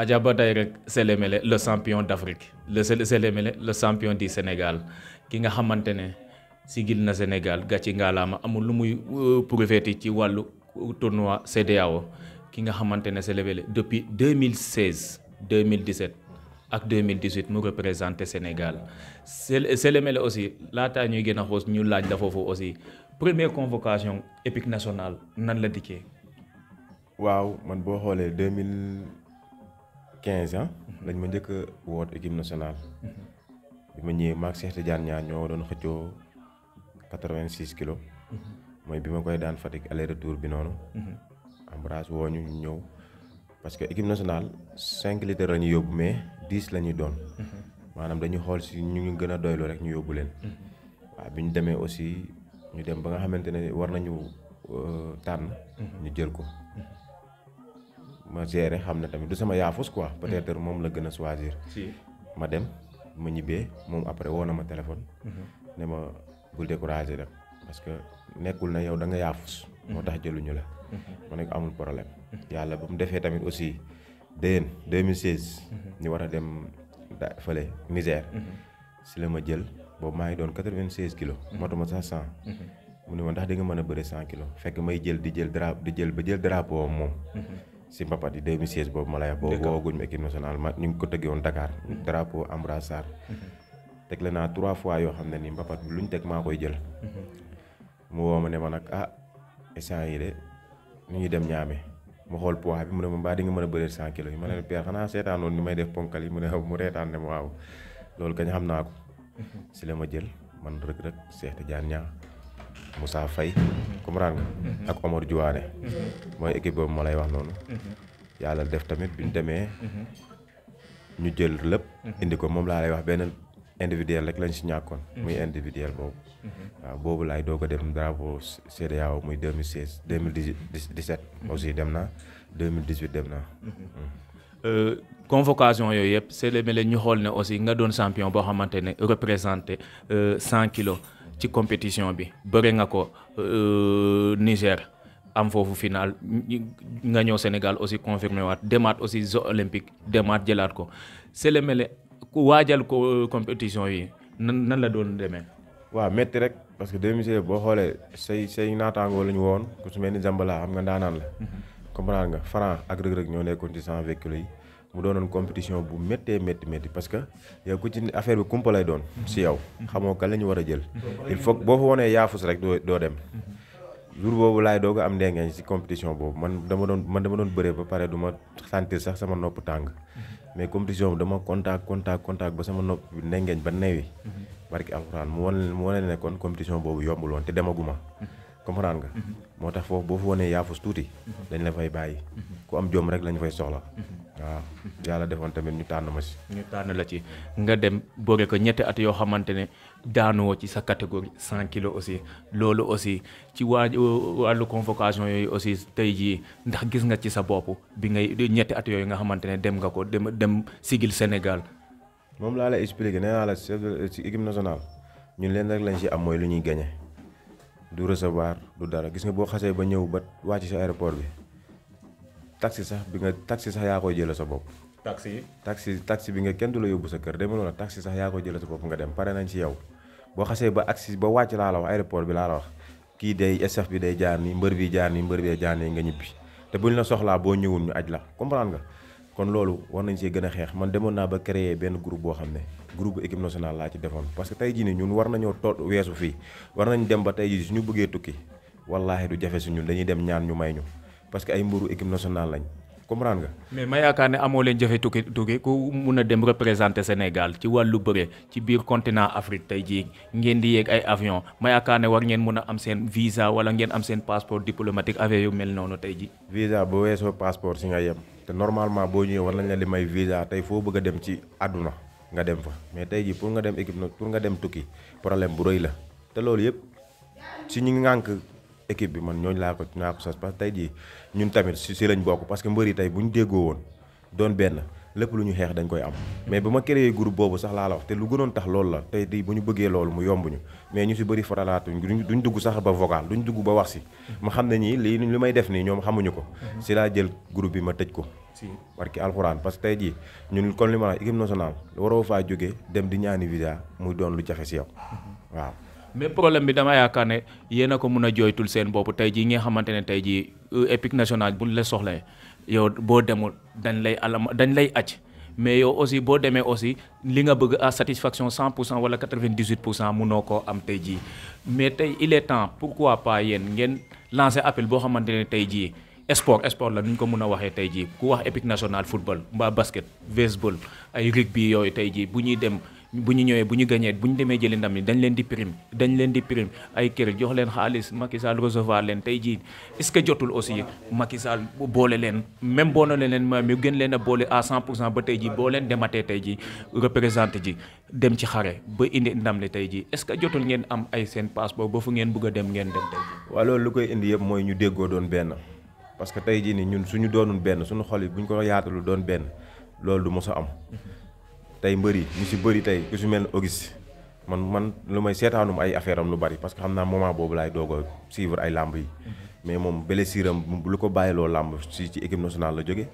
Adja ba tey rek Sele Mele le champion d'Afrique le Sele Mele le champion du Sénégal ki nga xamante ne sigil na Sénégal gàcci ngaalaama amul lu muy euh, prouvéti ci wàllu tournoi CEDEAO ki nga xamante ne Sele Mele depuis 2016 2017 ak 2018 mu représenté Sénégal Sele Mele aussi laataa ñuy gën a ñu laaj la foofu aussi première convocation équipe nationale nan la dikkee waaw man boo xoolee quinze ans lañ ma njëkk a woot équipe nationale bi ma ñëwee maag Cheikh Tidiane ñaar ñoo doon xëccoo quatre-vingt-six kilos mooy bi ma koy daan Fatick aller retour bi noonu Ambroise woo ñu ñëw parce que équipe nationale cinq litres la ñu yóbbu mais dix la ñuy doon maanaam dañu xool si ñu ngi gën a doylu rek ñu yóbbu leen waaw bi ñu demee aussi ñu dem ba nga xamante ne war nañu euh, tànn ñu jël ko ma gérer xam ne tamit du sama yaafus quoi. Mm. peut-être moom la gën a choisir. ma dem ma ñibbee moom après woo na ma téléphone. Mm-hmm. ne ma bul décourager dem parce que nekkul na yow da nga yaafus. Mm-hmm. moo tax jëluñu la. Mm-hmm. ma ne amul problème. yàlla ba mu defee tamit aussi déen 2016. ñu war a dem da fële Niger. si la ma jël boobu maa ngi doon 96 kilos. motuma sax 100. mu ne ma ndax di nga mën a bëre 100 kilos fekk may jël di jël dra di jël ba jël drapeau moom. si mbapat yi 2016 boobu ma lay wax. boobu wooguñ ma équipe nationale ma ñu ngi ko tëggee woon Dakar. Hmm. drapeau Ambra Sarr. Hmm. teg la naa trois fois yoo xam ne nii mbapat lu ñu teg maa koy jël. Hmm. mu woo ma ne ma nag ah essence yi de nu ñuy dem ñaame mu xool poids bi mu ne ma mbaa di nga mën a bëree 100 kilos yi ma ne la xanaa seetaanoon ni may def ponkal yi mu ne mu reetaan ne ma waaw loolu kañ xam naa ko. si la ma jël man rëg rëg Cheikh jaan ñaa Moussa fay comprendre nga mhm. ak Omar Diouane mhm. mooy équipe boobu moo lay wax noonu mhm. yàlla def tamit bi ñu demee ñu jël lépp indi ko moom laa lay wax benn individuel rek lañ si ñàkkoon muy individuel boobu waaw boobu laay doog a dem drapeau CEDEAO muy 2016 2017 aussi dem na 2018 dem na euh, convocation yooyu yëpp c'est le ñu xool ne aussi nga doon champion boo xamante ne représenté euh, cent kilos ci compétition bi bëre nga ko euh, Niger am foofu final nga ñëw Sénégal aussi confirmé waat demaat aussi jeux olympique demaat jëlaat ko mele ku waajal ko euh, compétition yi nan nan la doon demee. waa métti rek parce que 2016 boo xoolee say say naataangoo la ñu woon ku su mel ni am xam nga ndaanaan la. Mhm. comprendre nga Franc ak Reug Reug ñoo nekkoon ci 100 véhicules yi. mu doonoon compétition bu méttee métti métti parce que yow ku ci affaire bi kumpa lay doon si yow xamoo ka la ñu war a jël il faut boo fa wanee yaafus rek doo doo dem jour boobu laay doog a am ndengeeñ si compétition boobu man dama doon man dama doon bëree ba pare duma ma sax sama nopp tàng mais compétition bi dama contact contact contact ba sama nopp bi ndengeeñ ba newi mhm. barki alxuraan mu wane mu wane ne kon compétition boobu yombuloon woon te demaguma comprendre nga. moo tax foofu boo fa wanee yaafus tuuti. dañ la fay bàyyi. ku am joom rek lañ fay soxla. waaw yàlla defoon tamit ñu tànn ma si. tànn la ci nga dem boole ko ñetti at yoo xamante ne daanuwoo ci sa catégorie cent kilos aussi loolu aussi ci waa wàllu convocation yooyu aussi tey jii ndax gis nga ci sa bopp bi ngay ñetti at yooyu nga xamante ne dem nga ko dem dem sigil Sénégal. moom laa lay expliqué nee naa la chef de nationale ñun leen rek lañ si am mooy lu ñuy gagné. du recevoir du dara gis nga boo xasee ba ñëw ba wàcc si aéroport bi taxi sax bi nga taxi sax yaa koy jëlee sa bopp. taxi yi taxi taxi bi nga kenn du la yóbbu sa kër demul woon taxi sax yaa koy jëlee sa bopp nga dem pare nañ ci yow boo xasee ba agsi ba wàcc laa la wax aéroport bi laa la wax kii day staff bi day jaar nii mbër bi jaar nii mbër bi jaar nii nga ñibbi te buñ la soxlaa boo ñëwul ñu aj la comprendre nga. kon loolu war nañ see gën a xeex man demoon naa ba créer benn groupe boo xam ne groupe équipe nationale laa ci defoon parce que tey jii ni ñun war nañoo toll weesu fii war nañ dem ba tey jii suñu bëggee tukki wallaahi du jafe su ñun dañuy dem ñaan ñu may ñu parce que ay mburu équipe nationale lañ comprendre nga. mais ma yaakaar ne amoo leen jafe tukki tukki ku mun a dem représenter Sénégal ci wàllu bëre ci biir continent Afrique tey jii ngeen di yéeg ay avion ma yaakaar ne war ngeen mun a am seen visa wala ngeen am seen passeport diplomatique affaire yu mel noonu tey jii. visa bu weesoo passeport si nga yem te normalement boo ñëwee war nañ may visa tey foo bëgg a dem ci àdduna nga dem fa mais tey jii pour nga dem équipe nag pour nga dem bu rëy la te loolu équipe bi man ñooñ laa ko naa ko sas parce que tey jii ñun tamit si si lañ bokk parce que mbër yi tey bu ñu déggoo woon doon benn lépp lu ñu xeex dañ koy am mais ba ma créé group boobu sax laa la wax te lu gënoon tax loolu la tey di bu ñu bëggee loolu mu yomb ñu mais ñu si bëri faralaatuñ duñ dugg sax ba vocal duñ dugg ba wax si ma xam ne ñii lii li may def nii ñoom xamuñu ko si laa jël group bi ma tëj ko parce que alxuraan parce que tey jii ñun kon li ma wax équipe nationale waroo faa jógee dem di ñaani visa muy doon lu jafe si yow mm-hmm. waaw mais problème bi dama yaakaar ne yéen a ko mun a jooytul seen bopp tey jii nga xamante ne tey jii euh, épique nationale bu la soxlee yow boo demul dañ lay alam dañ lay acc mais yow aussi boo demee aussi li nga bëgg à satisfaction cent pour cent wala quatre-vingt-dix-huit pour cent munoo koo am tey jii mais tey il est temps pourquoi pas yéen ngeen lancer appel boo xamante ne tey jii sport sport la nu ñu ko mun a waxee tey jii ku wax épique nationale football mbaa basket baseball ay rugby yooyu tey jii bu ñuy dem. bu ñu ñëwee bu ñu gañee bu ñu demee jëli ndam ni dañ leen di prime dañ leen di prime ay kër jox leen xaalis Macky Sall recevoir leen tey jii est-ce que jotul aussi Macky Sall boole leen même boo leen leen ma mi gën leen a boole à 100 pour cent ba tey jii boo leen dematee tey jii représenté ji dem ci xare ba indi ndam li tey jii est-ce que jotul ngeen am ay seen passeport ba fu ngeen bëgg a dem ngeen dem tey jii. loolu lu koy indi yëpp mooy ñu déggoo doon benn parce que tey jii nii ñun suñu doonul benn suñu xol yi bu ñu ko yaatalu doon benn loolu du mos am. tey mbër yi ñu si bëri tey ku si mel ne Auguste man man lu may seetaanum ay affaire am lu bari parce que xam naa moment boobu laay doog a ay làmb yi mhm. mais moom blessure am lu ko bàyyiloo làmb si ci équipe national la jóge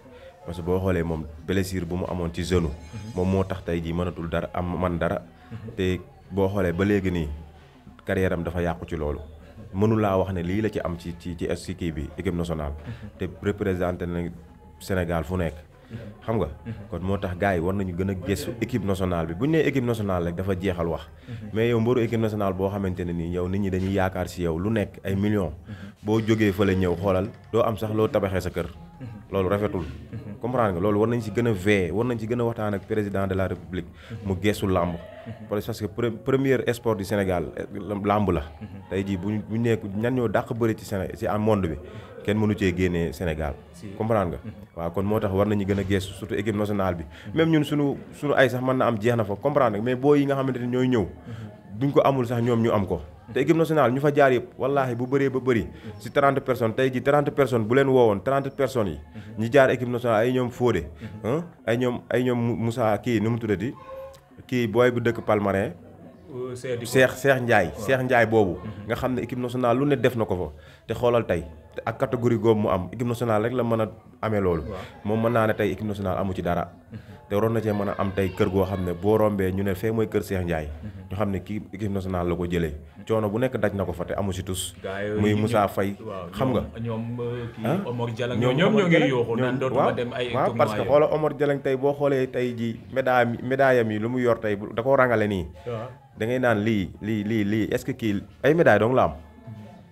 parce que boo xoolee moom blessure bu mu amoon ci genou mhm. moom moo tax tey jii mënatul dara am man dara mhm. te boo xoolee ba léegi nii carrière dafa yàqu ci loolu mënu laa wax ne lii la ci am ci ci ci kii bi équipe national te représenté na Sénégal fu nekk xam nga kon moo tax gars yi war nañu gën a gëstu équipe nationale bi bu ñu nee équipe nationale rek dafa jeexal wax mais yow mbaru équipe nationale boo xamante ne nii yow nit ñi dañuy yaakaar si yow lu nekk ay million boo jógee fële ñëw xoolal doo am sax loo tabaxee sa kër loolu rafetul comprendre nga loolu war nañ si gën a veye war nañ si gën a waxtaan ak président de la république mu geesu làmb parce que premier sport du Sénégal làmb la tey jii bu ñu nekk ñan ñoo dàq bëri ci Sénégal ci monde bi kenn mënu cee génnee Sénégal comprendre nga mm-hmm. waaw kon moo tax war nañu gën a geestu surtout équipe nationale bi mm-hmm. même ñun suñu suñu ay sax mën na am jeex na fa comprendre nga mais boo yi nga xamante ne ñooy ñëw mm-hmm. duñ ko amul sax ñoom ñu am ko te équipe ñu fa jaar yëpp wallaahi bu bëree ba bëri si 30 personnes tey ji 30 bu leen woowoon 30 personnes ñi jaar équipe nationale ay ñoom Fodé ay ñoom ay ñoom Moussa kii nu mu tuddati kii booy bu dëkk Palmarin Seex Seex Njaay Seex Njaay boobu nga xam ne équipe nationale lu ne def na ko fa te xoolal tey te ak catégorie goobu mu am équipe nationale rek la mën a amee loolu moom mën naa ne tey équipe nationale amu ci dara mhm. te waroon na cee mën a am tey kër goo xam ne boo rombee ñu ne fee mooy kër Cheikh Ndiaye mhm. ñu xam ne kii équipe nationale la ko jëlee mhm. coono bu nekk daj na ko fa te amu ci tus muy Moussa Faye xam nga ñoom uh, Omar Diallang ñoom ñoo ngi yooxu dem ay waaw parce que xoola Omar Diallang tey boo xoolee tey ji médaille médaille am yi lu mu yor tey da koo rangale nii da naan lii lii lii lii est-ce que kii ay médaille dong la am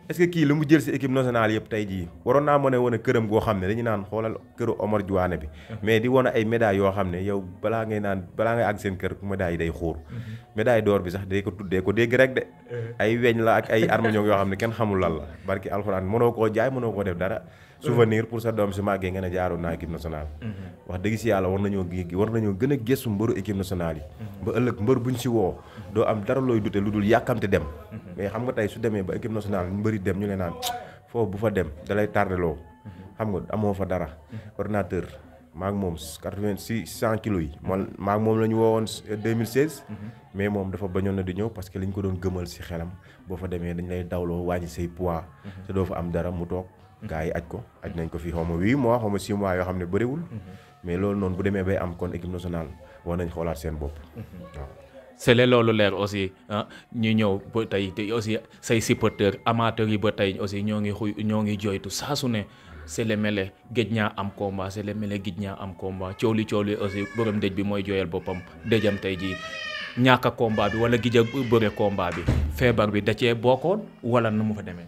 est-ce que kii lu mu jël si équipe nationale yëpp tey jii waroon naa mën a wane këram goo xam ne dañu naan xoolal këru Omar Diouane bi mhm. mais di wane ay médailles yoo xam ne yow balaa ngay naan balaa ngay ak seen kër médailles yi day xóor mhm. médaille d'or bi sax day ko tuddee ko dégg rek de mhm. ay weñ la ak ay arme ñoo yoo xam ne kenn xamul lan la barki alxuraan mënoo koo jaay mënoo koo def dara souvenir pour sa doom si maggee nga ne jaaroon naa équipe nationale mhm. wax dëgg si yàlla war nañoo gi war nañoo gën a gëstu mbëru équipe nationale yi mhm. ba ëllëg mbër bu ñu si woo doo am dara looy dute lu dul yàkkamte dem mhm. mais xam nga tey su demee ba équipe nationale mbëri dem ñu leen naan foofu bu fa dem dalay tardeloo xam nga amoo fa dara ordinateur maa moom quatre-vingt-six cent kilos yi man maa moom la ñu woowoon 2016 euh, mais moom dafa bañoon na di ñëw parce que li ñu ko doon gëmal si xelam boo fa demee dañ lay dawloo wàññi say poids te doo fa am dara mu toog gars yi aj ko aj nañ ko fi xaw ma huit mois xaw ma six mois yoo xam ne bëriwul. Mhm. mais loolu noonu bu demee bay am kon équipe nationale war nañ xoolaat seen bopp. Mhm. waaw sële loolu leer aussi ah, ñu ba tey te aussi say supporteurs amateurs yi ba tey aussi ñoo ngi xuy ñoo ngi jooytu saa su ne. Sele Mele géej ñaa am combat Sele Mele géej ñaa am combat coow li coow li aussi borom dëj bi mooy jooyal boppam dëjam tey jii ñàkk komba bi wala gij a bëre combat bi feebar bi da cee bokkoon wala nu mu fa demee.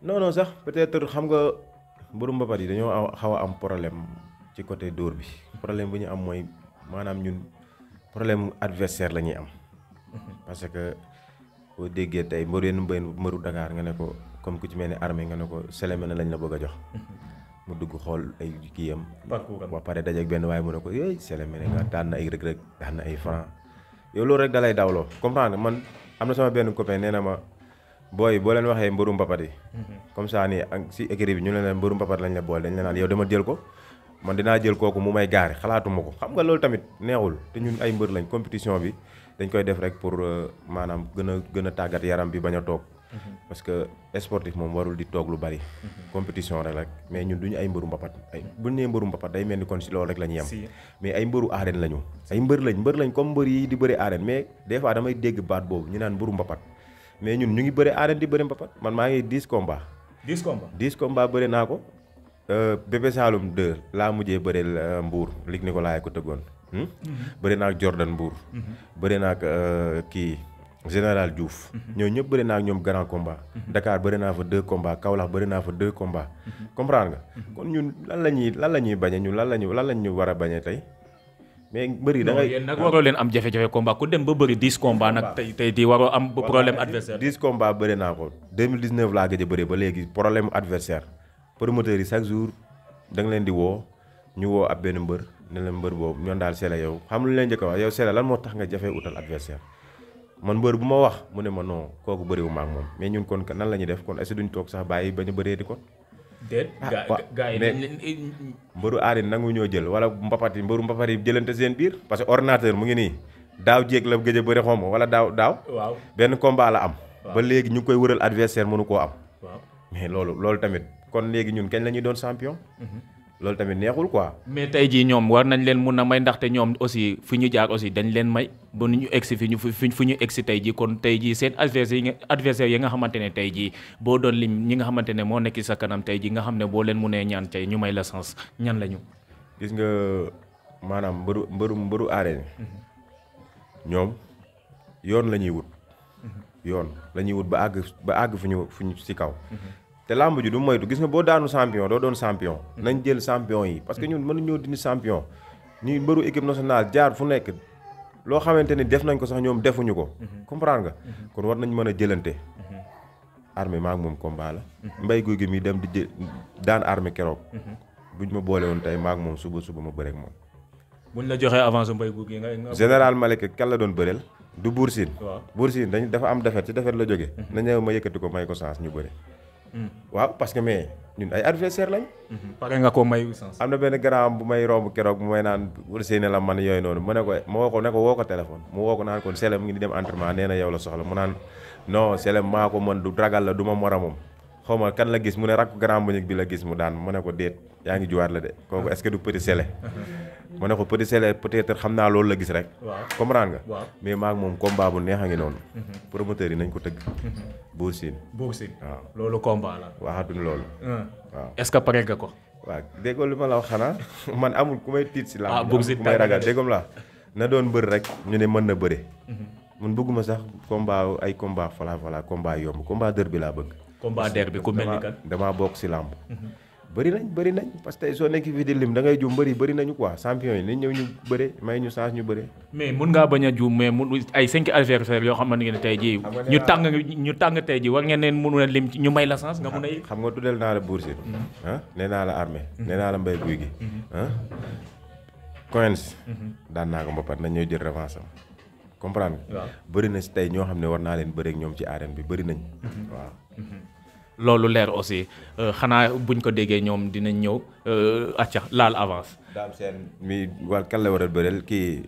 non non sax peut-être xam nga mbërum mbapat yi dañoo xaw a am problème ci côté dóor bi problème bu ñu am mooy maanaam ñun problème adversaire la ñuy am parce que boo déggee tey mbaru yenn mbaru Dakar nga ne ko comme ku ci mel ni armée nga ne ko seleme na lañ la bëgg a jox mu dugg xool ay kiyam ba pare dajeeg benn waaye mu ne ko yéy seleme ne nga daan na ay rëg-rëg daan na ay franc yow loolu rek dalay dawloo comprendre man am na sama benn copain nee na booy boo leen waxee mbëru mbapat yi mhm. comme ça nii ak si écrit bi ñu leen mbëru mbapat lañ la boole la naan yow dama jël ko man dinaa jël kooku mu may gaari xalaatuma ko xam nga loolu tamit neexul te ñun ay mbër lañ compétition bi dañ koy def rek pour euh, maanaam gën a gën a tàggat yaram bi bañ a toog mhm. parce que sportif moom warul di toog lu bari mhm. compétition rek rek mais ñun duñu ay mbëru mbapat ay buñ nee mbëru mbapat day mel ni kon si loolu rek la ñu yem mais ay mbëru arène lañu ay mbër lañ mbër lañ comme mbër yi di bëri arène mais des fois damay dégg baat boobu ñu naan mbëru mbapat mais ñun ñu ngi bëri arène di bëri mbapat man maa ngi 10 combats. diis combats 10 combats bëri naa ko. Euh, Bébé Saloum 2 laa mujjee bëri euh, Mbour lig ni ko laay ko tëggoon. Hmm? Mhm. bëri naa ak Jordan Mbour. Mhm. bëri naa ak euh, kii général Diouf. Mhm. ñooñu ñëpp bëri naa ak ñoom grand combat. Dakar bëri naa fa deux combats Kaolack bëri naa fa deux combats. comprendre nga. kon ñun lan la ñuy lan la ñuy bañe ñun lan la ñu lan la ñu war a bañee tey. mais mbër yi ngay yéen nag waroo leen am jafe-jafe combat ku dem ba bëri 10 combat nag tey tey di waroo am problème adversaire 10 combat bëri naa ko 2019 laa gëj a bëri ba léegi problème adversaire promoteur yi chaque jour da nga leen di woo ñu woo ab benn mbër ne la mbër boobu ñoon daal Sélé yow xam lu leen njëkk a wax yow Sélé lan moo tax nga jafee utal adversaire man mbër bu ma wax mu ne ma non kooku bëriwu ma ak moom mais ñun kon nan la ñuy def kon est-ce duñ toog sax bàyyi ba ñu bëree di ko déet ah, gaa yi mbëru aari nangu ñoo jël wala mbapat yi mbëru mbapat yi jëlante seen biir parce que ordinateur mu ngi nii daaw jéeg la gëj a bëri xom wala daaw daaw waaw benn combat la am ba léegi ñu ngi koy wëral adversaire mënu koo am mais loolu loolu tamit kon léegi ñun kañ la ñuy doon champion mhm. loolu tamit neexul quoi. mais tey jii ñoom war nañ leen mun a may ndaxte ñoom aussi fu ñu jaar aussi dañ leen may ba ñu egsi fi ñu fi ñu egsi tey jii kon tey jii seen adversaire yi adversaire yi nga xamante ne tey jii boo doon lim ñi nga xamante ne moo nekk sa kanam tey jii nga xam ne boo leen munee ñaan tey ñu may la sens ñan la ñu. gis nga maanaam mbëru mbëru mbëru aaree mhm. ñoom yoon la ñuy wut. Mhm. yoon lañuy wut ba àgg àgg fu ñu fu ñu si kaw. Mhm. te làmb ji du moytu gis nga boo daanu champion doo doon champion. nañ jël champion yi parce que ñun mënuñoo dindi champion ñuy mbëru équipe nationale jaar fu nekk loo xamante ni def nañ ko sax ñoom defuñu ko. Mhm. comprendre nga mhm. kon war nañ mën a jëlante. Mhm. armi maak moom combat la. mbay guy gi mi dem di jë daan armi keroog. buñ ma boole woon tey maak moom suba suba ma bëreeg moom. buñ la joxee avance mbay guy gi nga. général Malick la doon bëreel. du Bour Sine. waaw Bour Sine am defet ci la jóge na ma yëkkati ko may ko chance ñu bëri. Mm-hmm. waaw parce que mais ñun ay adversaire lañ. Mm-hmm. pare nga ko mayu sens. am na benn garaam bu may romb keroog bu may naan Ousseynou la man yooyu noonu ma ne ko ma woo ko ne ko woo ko téléphone mu woo ko naan kon Selem ngi di dem entraînement nee na yow la soxla mu naan non Selem maa ko mën du ragal la du ma moromam xaw ma kan la gis mu ne rakk garaam bu ñëg bi la gis mu daan ma ne ko déet. yaa ngi juwaat la de kooku est-ce que du petit sele ma ne ko petit sele peut-être xam naa loolu la gis rek comprendre nga mais maak moom combat bu neex a ngi noonu mhm. promoteur yi nañ ko tëgg mhm. Bour Sine waaw loolu combat la waxatuñ loolu hmm. waaw que pare nga ko waaw déggoo li ma la wax xanaa man amul ku may tiit si laa ah, ku may ragal déggoom laa na doon bëri rek ñu ne mën na bëre mun mhm. bëgguma sax combat ay combat voilà voilà combat yomb combat dër bi laa bëgg combat bi ku damaa bokk si làmb bëri nañ bëri nañ parce que tey soo nekk fii di lim da ngay juum bëri bëri nañu quoi champion yi nañ ñëw ñu bëre may ñu chance ñu bëre. mais mun ngaa bañ a juum mais mun ay cinq adversaires yoo xamante ne tey jii. ñu ah tàng ñu tàng tey jii war ngeen neen mënu a lim ñu may la chance nga mun a. xam nga tuddeel naa la Boursin. Mhm. Ah, nee naa la armée. Mhm. nee naa la mbay guy gi. Mhm. ah Coins. daan naa ko mbapat nañ ñëw jël revanche comprend bëri na si tey ñoo xam ne war naa leen bëreeg ñoom ci arène bi bëri nañ waaw loolu leer aussi euh, xanaa buñ ko déggee ñoom dinañ ñëw euh, acca laal avance. Dame Sène mi wal kan la war a bëreel kii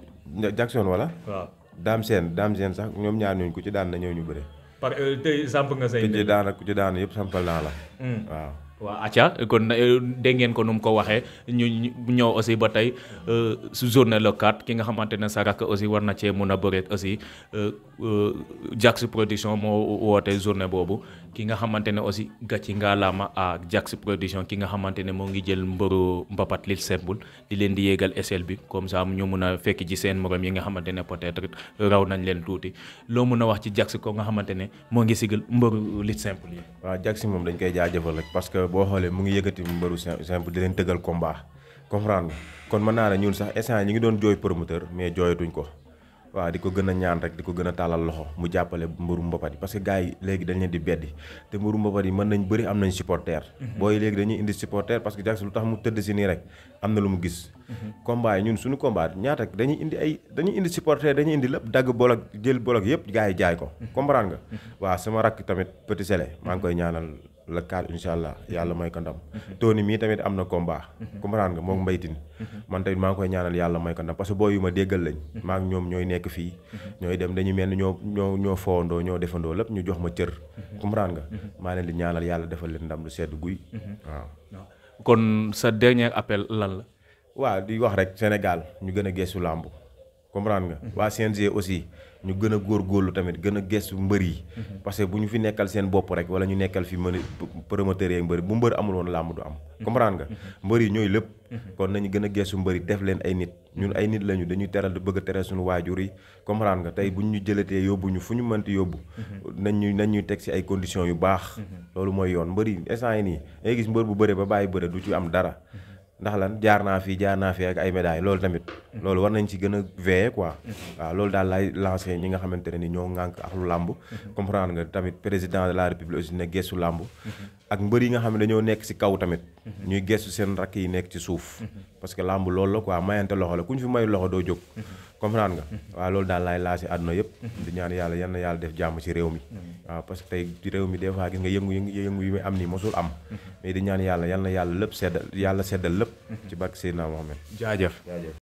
Jackson wala. waaw Dame Sène Dame sax ñoom ñaar ñooñu ku ci daan na ñëw ñu bëri par euh, tey samp nga say. ku daan ak ku ci daan yëpp sampal naa la. Mm. waaw. waaw acca kon dégg ngeen ko nu mu ko waxee ñu ñëw aussi ba tey su journée le ki nga xamante ne sa rakk aussi war na cee mun a bëreet aussi Jax production moo woote journée boobu ki nga xamante ne aussi gàcci ngaalaama à Jax production ki nga xamante ne moo ngi jël mbëru mbapat li simple di leen di yéegal échelle bi comme ça ñu mun a fekk ci seen morom yi nga xamante ne peut-être raw nañ leen tuuti loo mun a wax ci Jax ko nga xamante ne moo ngi sigal mbëru lit simple yi. waaw Jax moom dañ koy jaajëfal rek parce que boo xoolee mu ngi yëkkati mbëru simple di leen tëggal combat comprendre kon mën naa ne ñun sax instant ñu ngi doon jooy promoteur mais jooyatuñ ko. waaw di ko gën a ñaan rek di ko gën a tàllal loxo mu jàppale mburu mbapat yi parce que gars yi léegi dañ leen di beddi te mbëru mbapat yi mën nañ bëri am nañ supporter mhm. booy léegi dañuy indi supporter parce que Jackson lu tax mu tëdd si nii rek am na lu mu gis mhm. combat ñun suñu kombaat ñaata dañuy indi ay dañuy indi supporter dañuy indi lépp dagg bolog jël bolog yëpp gars yi jaay ko mhm. comprendre nga waaw sama rakk tamit Petit Sélé maa ngi koy ñaanal le quart incha allah yàlla may ko ndam. Tony mii tamit am na combat. comprendre nga moom mbaytin man tamit maa ngi koy ñaanal yàlla may ko ndam parce que boo yu ma déggal lañ. maa ngi ñoom ñooy nekk fii. ñooy dem dañu mel ni ñoo ñoo ñoo foondoo ñoo defandoo lépp ñu jox ma cër. comprendre nga maa leen ñaanal yàlla defal leen ndam lu sedd guy. waaw kon sa dernier appel lan la. waaw di wax rek Sénégal ñu gën a gëstu làmb comprendre nga waa CNG aussi ñu gën a góorlu tamit gën a gëstu mbër yi parce que bu ñu fi nekkal seen bopp rek wala ñu nekkal fi mën promoteur yeeg mbër bu mbër amuloon woon làmb du am comprendre nga mbër yi ñooy lépp kon nañu gën a gëstu mbër yi def leen ay nit ñun ay nit lañu dañuy teral di bëgg a suñu waajur yi comprendre nga tey buñ ñu jëlatee yóbbu ñu fu ñu mënti yóbbu nañ ñu nañ ñuy teg si ay conditions yu baax loolu mooy yoon mbër yi instant yi nii ngay mbër bu bëre ba bàyyi bëre du ci am dara ndax lan jaar naa fi jaar naa fi ak ay médailles loolu tamit. Mm-hmm. loolu war nañ ci gën a veiller quoi. Mm-hmm. waaw loolu daal lay lancé ñi nga xamante ne ni ñoo ngànk ak lu làmb. Mm-hmm. comprendre nga tamit président de la république aussi ne gestu làmb. ak mbër yi nga xam ne dañoo nekk ci kaw tamit. ñuy gestu seen rakk yi nekk ci suuf. parce que làmb loolu la quoi mayante loxo la ku ñu fi may loxo doo jóg. comprendre nga. Mm-hmm. waaw loolu daal laay laa si àdduna yëpp. Mm-hmm. di ñaan yàlla yan na yàlla def jàmm ci réew mi. Mm-hmm. waaw parce que tey réew mi des fois gis nga yëngu yëngu yu muy am nii mosul am. mais di ñaan yàlla yan na yàlla lépp seddal yàlla seddal lépp. ci barke Seydina Mohamed. jaajëf jaajëf.